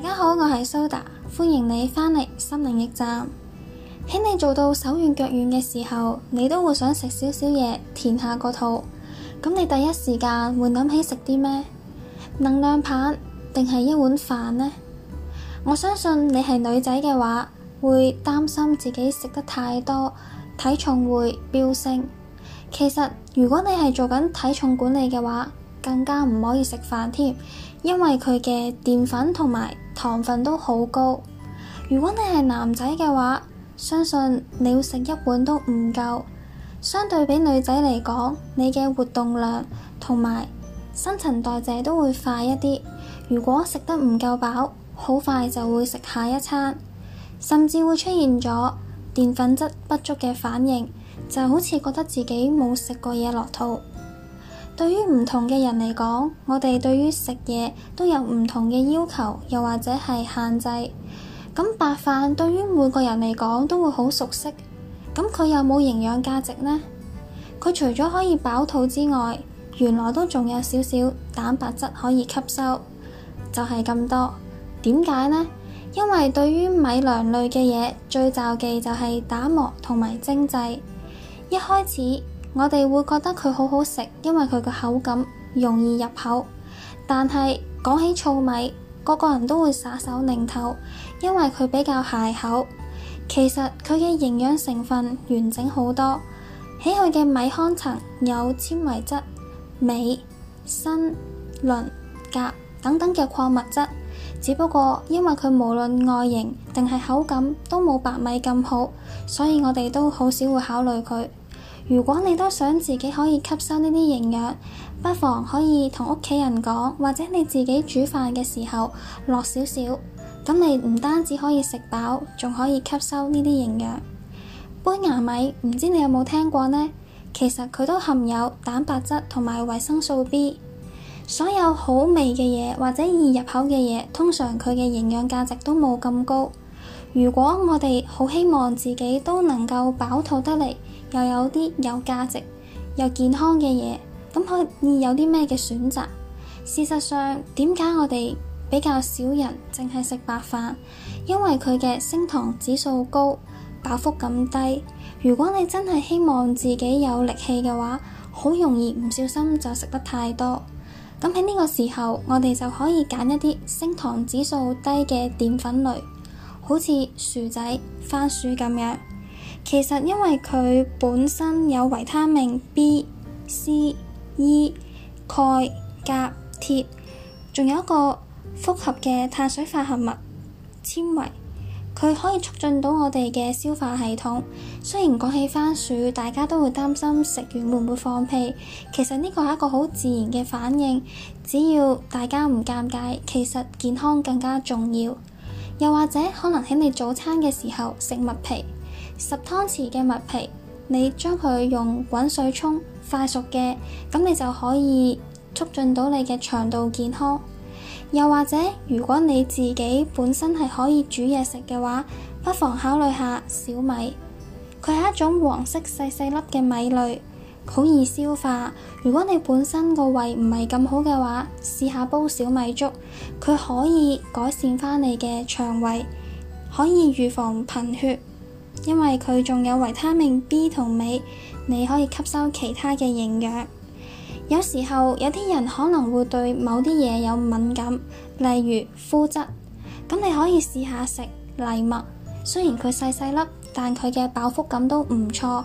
大家好，我係蘇達，歡迎你返嚟心靈驛站。喺你做到手軟腳軟嘅時候，你都會想食少少嘢填下個肚。咁你第一時間會諗起食啲咩？能量棒定係一碗飯呢？我相信你係女仔嘅話，會擔心自己食得太多，體重會飆升。其實如果你係做緊體重管理嘅話，更加唔可以食飯添，因為佢嘅澱粉同埋糖分都好高，如果你係男仔嘅話，相信你要食一碗都唔夠。相對比女仔嚟講，你嘅活動量同埋新陳代謝都會快一啲。如果食得唔夠飽，好快就會食下一餐，甚至會出現咗澱粉質不足嘅反應，就好似覺得自己冇食過嘢落肚。對於唔同嘅人嚟講，我哋對於食嘢都有唔同嘅要求，又或者係限制。咁白飯對於每個人嚟講都會好熟悉。咁佢有冇營養價值呢？佢除咗可以飽肚之外，原來都仲有少少蛋白質可以吸收，就係、是、咁多。點解呢？因為對於米糧類嘅嘢，最就忌就係打磨同埋精製。一開始我哋會覺得佢好好食，因為佢個口感容易入口。但係講起糙米，個個人都會耍手擰頭，因為佢比較嚡口。其實佢嘅營養成分完整好多，喺佢嘅米糠層有纖維質、鎂、鋅、磷、鉀等等嘅礦物質。只不過因為佢無論外形定係口感都冇白米咁好，所以我哋都好少會考慮佢。如果你都想自己可以吸收呢啲營養，不妨可以同屋企人講，或者你自己煮飯嘅時候落少少，咁你唔單止可以食飽，仲可以吸收呢啲營養。胚芽米唔知你有冇聽過呢？其實佢都含有蛋白質同埋維生素 B。所有好味嘅嘢或者易入口嘅嘢，通常佢嘅營養價值都冇咁高。如果我哋好希望自己都能夠飽肚得嚟，又有啲有價值又健康嘅嘢，咁可以有啲咩嘅選擇？事實上，點解我哋比較少人淨係食白飯？因為佢嘅升糖指數高，飽腹感低。如果你真係希望自己有力氣嘅話，好容易唔小心就食得太多。咁喺呢個時候，我哋就可以揀一啲升糖指數低嘅澱粉類，好似薯仔、番薯咁樣。其實因為佢本身有維他命 B、C、E、鈣、鉀、鐵，仲有一個複合嘅碳水化合物纖維，佢可以促進到我哋嘅消化系統。雖然講起番薯，大家都會擔心食完會唔會放屁，其實呢個係一個好自然嘅反應。只要大家唔尷尬，其實健康更加重要。又或者可能喺你早餐嘅時候食麥皮。十湯匙嘅麥皮，你將佢用滾水沖，快熟嘅，咁你就可以促進到你嘅腸道健康。又或者，如果你自己本身係可以煮嘢食嘅話，不妨考慮下小米。佢係一種黃色細細粒嘅米類，好易消化。如果你本身個胃唔係咁好嘅話，試下煲小米粥，佢可以改善返你嘅腸胃，可以預防貧血。因為佢仲有維他命 B 同鎂，你可以吸收其他嘅營養。有時候有啲人可能會對某啲嘢有敏感，例如膚質，咁你可以試下食藜麥，雖然佢細細粒，但佢嘅飽腹感都唔錯。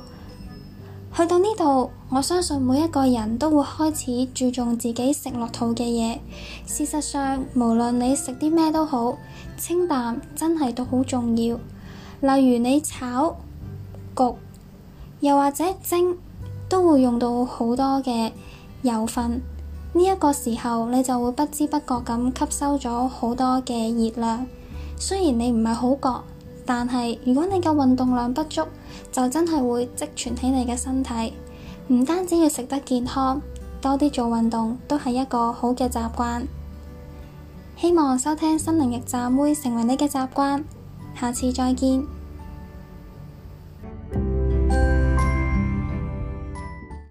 去到呢度，我相信每一個人都會開始注重自己食落肚嘅嘢。事實上，無論你食啲咩都好，清淡真係都好重要。例如你炒焗，又或者蒸，都會用到好多嘅油份。呢、這、一個時候，你就會不知不覺咁吸收咗好多嘅熱量。雖然你唔係好覺，但係如果你嘅運動量不足，就真係會積存喺你嘅身體。唔單止要食得健康，多啲做運動都係一個好嘅習慣。希望收聽新能力站妹成為你嘅習慣。下次再見。